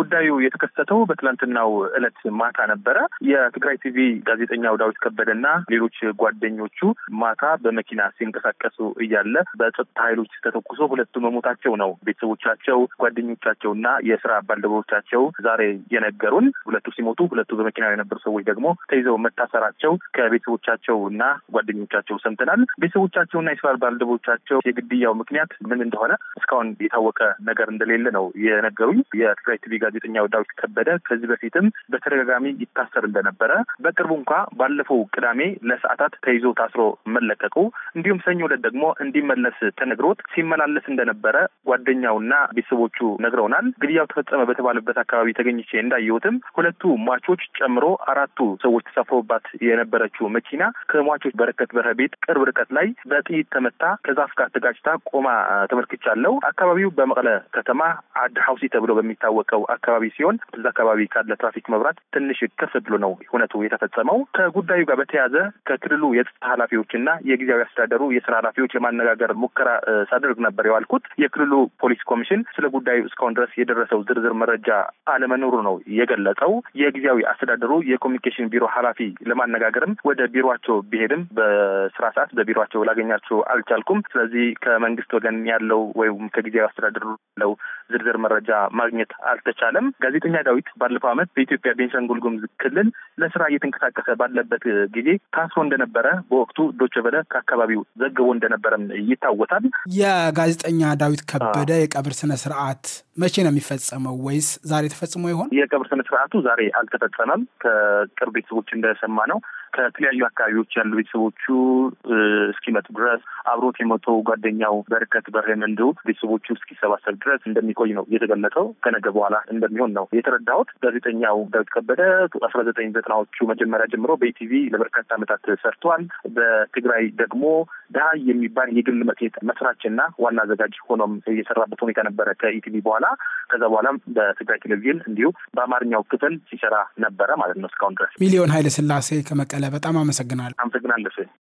ጉዳዩ የተከሰተው በትላንትናው እለት ማታ ነበረ። የትግራይ ቲቪ ጋዜጠኛው ዳዊት ከበደና ሌሎች ጓደኞቹ ማታ በመኪና ሲንቀሳቀሱ እያለ በጸጥታ ኃይሎች ተተኩሶ ሁለቱ መሞታቸው ነው ቤተሰቦቻቸው፣ እና የስራ ባልደረቦቻቸው ዛሬ የነገሩን። ሁለቱ ሲሞቱ ሁለቱ በመኪና የነበሩ ሰዎች ደግሞ ተይዘው መታሰራቸው ከቤተሰቦቻቸውና ጓደኞቻቸው ሰምተናል። ቤተሰቦቻቸውና የስራ ባልደረቦቻቸው የግድያው ምክንያት ምን እንደሆነ እስካሁን የታወቀ ነገር እንደሌለ ነው የነገሩኝ የትግራይ ቲቪ ጋዜጠኛ ዳዊት ከበደ ከዚህ በፊትም በተደጋጋሚ ይታሰር እንደነበረ በቅርቡ እንኳ ባለፈው ቅዳሜ ለሰዓታት ተይዞ ታስሮ መለቀቁ እንዲሁም ሰኞ ዕለት ደግሞ እንዲመለስ ተነግሮት ሲመላለስ እንደነበረ ጓደኛውና ቤተሰቦቹ ነግረውናል። ግድያው ተፈጸመ በተባለበት አካባቢ ተገኝቼ እንዳየሁትም ሁለቱ ሟቾች ጨምሮ አራቱ ሰዎች ተሳፍሮባት የነበረችው መኪና ከሟቾች በረከት በረ ቤት ቅርብ ርቀት ላይ በጥይት ተመታ ከዛፍ ጋር ተጋጭታ ቆማ ተመልክቻለሁ። አካባቢው በመቀለ ከተማ አድ ሐውሲ ተብሎ በሚታወቀው አካባቢ ሲሆን እዛ አካባቢ ካለ ትራፊክ መብራት ትንሽ ከፍ ብሎ ነው እውነቱ የተፈጸመው። ከጉዳዩ ጋር በተያያዘ ከክልሉ የጸጥታ ኃላፊዎችና የጊዜያዊ አስተዳደሩ የስራ ኃላፊዎች ለማነጋገር ሙከራ ሳደርግ ነበር የዋልኩት። የክልሉ ፖሊስ ኮሚሽን ስለ ጉዳዩ እስካሁን ድረስ የደረሰው ዝርዝር መረጃ አለመኖሩ ነው የገለጸው። የጊዜያዊ አስተዳደሩ የኮሚኒኬሽን ቢሮ ኃላፊ ለማነጋገርም ወደ ቢሮቸው ቢሄድም በስራ ሰዓት በቢሮቸው ላገኛቸው አልቻልኩም። ስለዚህ ከመንግስት ወገን ያለው ወይም ከጊዜያዊ አስተዳደሩ ያለው ዝርዝር መረጃ ማግኘት አልተቻለ አልቻለም። ጋዜጠኛ ዳዊት ባለፈው ዓመት በኢትዮጵያ ቤንሻንጉል ጉሙዝ ክልል ለስራ እየተንቀሳቀሰ ባለበት ጊዜ ታስሮ እንደነበረ በወቅቱ ዶቼ ቬለ ከአካባቢው ዘግቦ እንደነበረም ይታወሳል። የጋዜጠኛ ዳዊት ከበደ የቀብር ስነ ስርዓት መቼ ነው የሚፈጸመው? ወይስ ዛሬ ተፈጽሞ ይሆን? የቀብር ስነ ስርዓቱ ዛሬ አልተፈጸመም። ከቅርብ ቤተሰቦች እንደሰማ ነው ከተለያዩ አካባቢዎች ያሉ ቤተሰቦቹ እስኪመጡ ድረስ አብሮት የሞተው ጓደኛው በረከት በርሄም እንዲሁ ቤተሰቦቹ እስኪሰባሰብ ድረስ እንደሚቆይ ነው የተገለጠው። ከነገ በኋላ እንደሚሆን ነው የተረዳሁት። ጋዜጠኛው ዳዊት ከበደ አስራ ዘጠኝ ዘጠናዎቹ መጀመሪያ ጀምሮ በኢቲቪ ለበርካታ ዓመታት ሰርቷል። በትግራይ ደግሞ ዳ የሚባል የግል መጽሔት መስራችና ዋና አዘጋጅ ሆኖም የሰራበት ሁኔታ ነበረ ከኢቲቪ በኋላ። ከዛ በኋላም በትግራይ ቴሌቪዥን እንዲሁ በአማርኛው ክፍል ሲሰራ ነበረ ማለት ነው እስካሁን ድረስ ሚሊዮን ስላሴ ከመቀ በቀለ በጣም አመሰግናለሁ። አመሰግናለሁ።